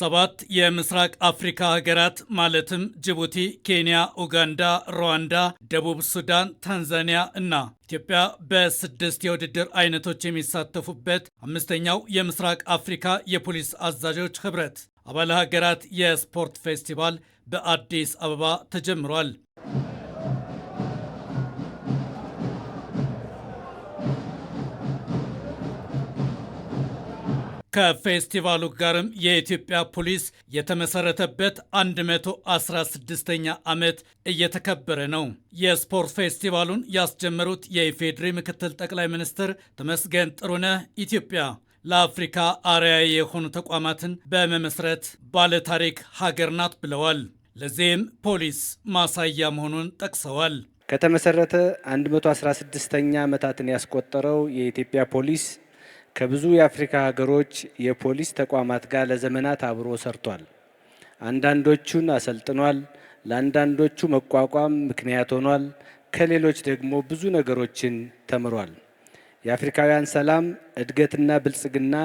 ሰባት የምስራቅ አፍሪካ ሀገራት ማለትም ጅቡቲ፣ ኬንያ፣ ኡጋንዳ፣ ሩዋንዳ፣ ደቡብ ሱዳን፣ ታንዛኒያ እና ኢትዮጵያ በስድስት የውድድር አይነቶች የሚሳተፉበት አምስተኛው የምስራቅ አፍሪካ የፖሊስ አዛዦች ህብረት አባል ሀገራት የስፖርት ፌስቲቫል በአዲስ አበባ ተጀምሯል። ከፌስቲቫሉ ጋርም የኢትዮጵያ ፖሊስ የተመሰረተበት 116ኛ ዓመት እየተከበረ ነው። የስፖርት ፌስቲቫሉን ያስጀመሩት የኢፌዴሪ ምክትል ጠቅላይ ሚኒስትር ተመስገን ጥሩነህ ኢትዮጵያ ለአፍሪካ አርአያ የሆኑ ተቋማትን በመመስረት ባለታሪክ ሀገር ናት ብለዋል። ለዚህም ፖሊስ ማሳያ መሆኑን ጠቅሰዋል። ከተመሰረተ 116ኛ ዓመታትን ያስቆጠረው የኢትዮጵያ ፖሊስ ከብዙ የአፍሪካ ሀገሮች የፖሊስ ተቋማት ጋር ለዘመናት አብሮ ሰርቷል። አንዳንዶቹን አሰልጥኗል። ለአንዳንዶቹ መቋቋም ምክንያት ሆኗል። ከሌሎች ደግሞ ብዙ ነገሮችን ተምሯል። የአፍሪካውያን ሰላም እድገትና ብልጽግና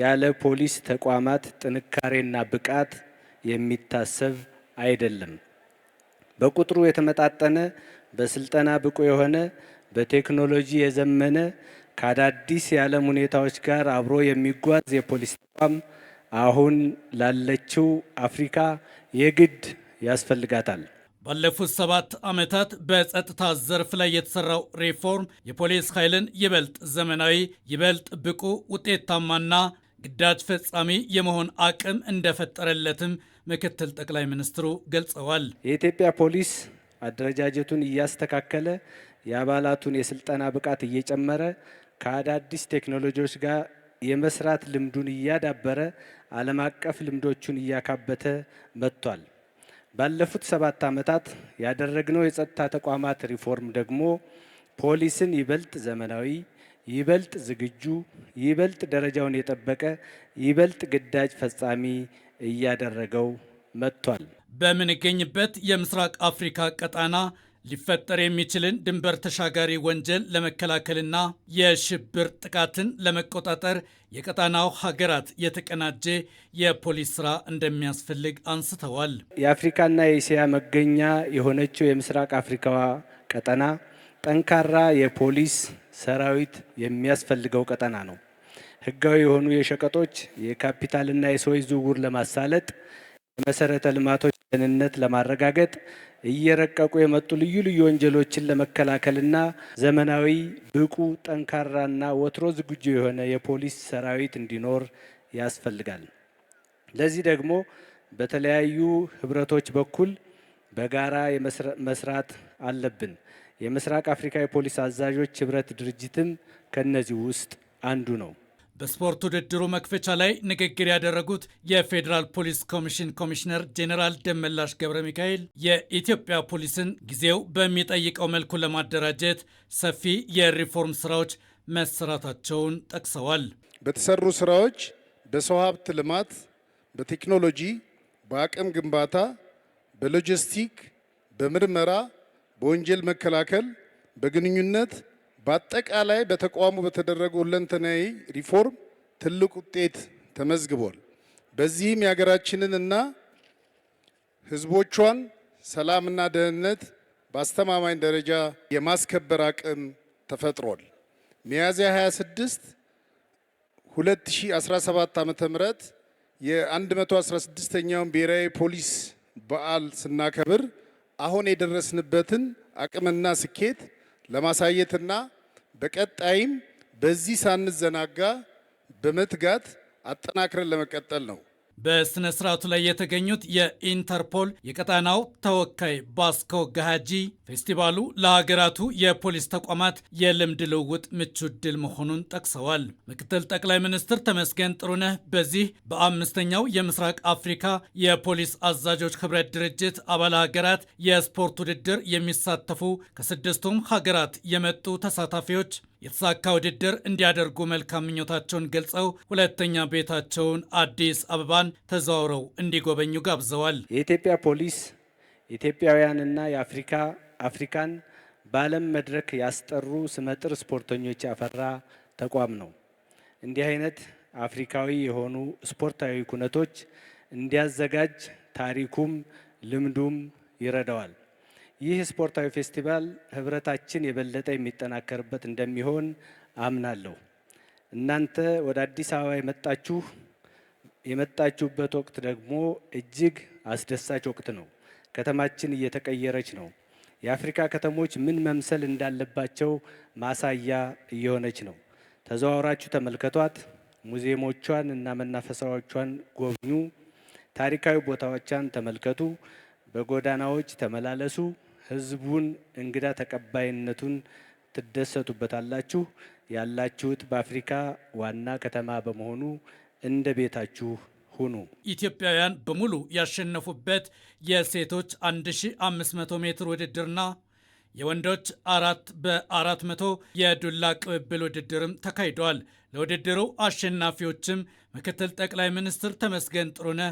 ያለ ፖሊስ ተቋማት ጥንካሬና ብቃት የሚታሰብ አይደለም። በቁጥሩ የተመጣጠነ፣ በስልጠና ብቁ የሆነ፣ በቴክኖሎጂ የዘመነ ከአዳዲስ የዓለም ሁኔታዎች ጋር አብሮ የሚጓዝ የፖሊሲ ተቋም አሁን ላለችው አፍሪካ የግድ ያስፈልጋታል። ባለፉት ሰባት ዓመታት በጸጥታ ዘርፍ ላይ የተሰራው ሪፎርም የፖሊስ ኃይልን ይበልጥ ዘመናዊ፣ ይበልጥ ብቁ፣ ውጤታማና ግዳጅ ፈጻሚ የመሆን አቅም እንደፈጠረለትም ምክትል ጠቅላይ ሚኒስትሩ ገልጸዋል። የኢትዮጵያ ፖሊስ አደረጃጀቱን እያስተካከለ የአባላቱን የስልጠና ብቃት እየጨመረ ከአዳዲስ ቴክኖሎጂዎች ጋር የመስራት ልምዱን እያዳበረ ዓለም አቀፍ ልምዶቹን እያካበተ መጥቷል። ባለፉት ሰባት ዓመታት ያደረግነው የጸጥታ ተቋማት ሪፎርም ደግሞ ፖሊስን ይበልጥ ዘመናዊ፣ ይበልጥ ዝግጁ፣ ይበልጥ ደረጃውን የጠበቀ፣ ይበልጥ ግዳጅ ፈጻሚ እያደረገው መጥቷል። በምንገኝበት የምስራቅ አፍሪካ ቀጣና ሊፈጠር የሚችልን ድንበር ተሻጋሪ ወንጀል ለመከላከልና የሽብር ጥቃትን ለመቆጣጠር የቀጣናው ሀገራት የተቀናጀ የፖሊስ ስራ እንደሚያስፈልግ አንስተዋል። የአፍሪካና የእስያ መገኛ የሆነችው የምስራቅ አፍሪካዋ ቀጠና ጠንካራ የፖሊስ ሰራዊት የሚያስፈልገው ቀጠና ነው። ህጋዊ የሆኑ የሸቀጦች የካፒታልና የሰዎች ዝውውር ለማሳለጥ የመሰረተ ልማቶች ደህንነት ለማረጋገጥ እየረቀቁ የመጡ ልዩ ልዩ ወንጀሎችን ለመከላከልና ዘመናዊ ብቁ ጠንካራና ወትሮ ዝግጁ የሆነ የፖሊስ ሰራዊት እንዲኖር ያስፈልጋል። ለዚህ ደግሞ በተለያዩ ህብረቶች በኩል በጋራ መስራት አለብን። የምስራቅ አፍሪካ የፖሊስ አዛዦች ህብረት ድርጅትም ከነዚህ ውስጥ አንዱ ነው። በስፖርት ውድድሩ መክፈቻ ላይ ንግግር ያደረጉት የፌዴራል ፖሊስ ኮሚሽን ኮሚሽነር ጄኔራል ደመላሽ ገብረ ሚካኤል የኢትዮጵያ ፖሊስን ጊዜው በሚጠይቀው መልኩ ለማደራጀት ሰፊ የሪፎርም ስራዎች መሰራታቸውን ጠቅሰዋል። በተሰሩ ስራዎች በሰው ሀብት ልማት፣ በቴክኖሎጂ፣ በአቅም ግንባታ፣ በሎጂስቲክ፣ በምርመራ፣ በወንጀል መከላከል፣ በግንኙነት በአጠቃላይ በተቋሙ በተደረገ ሁለንተናዊ ሪፎርም ትልቅ ውጤት ተመዝግቧል። በዚህም የሀገራችንን እና ህዝቦቿን ሰላምና ደህንነት በአስተማማኝ ደረጃ የማስከበር አቅም ተፈጥሯል። ሚያዝያ 26 2017 ዓ.ም የ116ኛውን ብሔራዊ ፖሊስ በዓል ስናከብር አሁን የደረስንበትን አቅምና ስኬት ለማሳየትና በቀጣይም በዚህ ሳንዘናጋ በመትጋት አጠናክረን ለመቀጠል ነው። በስነ ስርዓቱ ላይ የተገኙት የኢንተርፖል የቀጣናው ተወካይ ባስኮ ጋሃጂ ፌስቲቫሉ ለሀገራቱ የፖሊስ ተቋማት የልምድ ልውውጥ ምቹ ድል መሆኑን ጠቅሰዋል። ምክትል ጠቅላይ ሚኒስትር ተመስገን ጥሩነህ በዚህ በአምስተኛው የምስራቅ አፍሪካ የፖሊስ አዛዦች ህብረት ድርጅት አባል ሀገራት የስፖርት ውድድር የሚሳተፉ ከስድስቱም ሀገራት የመጡ ተሳታፊዎች የተሳካ ውድድር እንዲያደርጉ መልካም ምኞታቸውን ገልጸው ሁለተኛ ቤታቸውን አዲስ አበባን ተዘዋውረው እንዲጎበኙ ጋብዘዋል። የኢትዮጵያ ፖሊስ ኢትዮጵያውያንና የአፍሪካ አፍሪካን በዓለም መድረክ ያስጠሩ ስመጥር ስፖርተኞች ያፈራ ተቋም ነው። እንዲህ አይነት አፍሪካዊ የሆኑ ስፖርታዊ ኩነቶች እንዲያዘጋጅ ታሪኩም ልምዱም ይረዳዋል። ይህ ስፖርታዊ ፌስቲቫል ህብረታችን የበለጠ የሚጠናከርበት እንደሚሆን አምናለሁ። እናንተ ወደ አዲስ አበባ የመጣችሁ የመጣችሁበት ወቅት ደግሞ እጅግ አስደሳች ወቅት ነው። ከተማችን እየተቀየረች ነው። የአፍሪካ ከተሞች ምን መምሰል እንዳለባቸው ማሳያ እየሆነች ነው። ተዘዋውራችሁ ተመልከቷት። ሙዚየሞቿን እና መናፈሳዎቿን ጎብኙ። ታሪካዊ ቦታዎቿን ተመልከቱ። በጎዳናዎች ተመላለሱ። ህዝቡን እንግዳ ተቀባይነቱን ትደሰቱበታላችሁ። ያላችሁት በአፍሪካ ዋና ከተማ በመሆኑ እንደ ቤታችሁ ሁኑ። ኢትዮጵያውያን በሙሉ ያሸነፉበት የሴቶች 1500 ሜትር ውድድርና የወንዶች አራት በአራት መቶ የዱላ ቅብብል ውድድርም ተካሂደዋል። ለውድድሩ አሸናፊዎችም ምክትል ጠቅላይ ሚኒስትር ተመስገን ጥሩነህ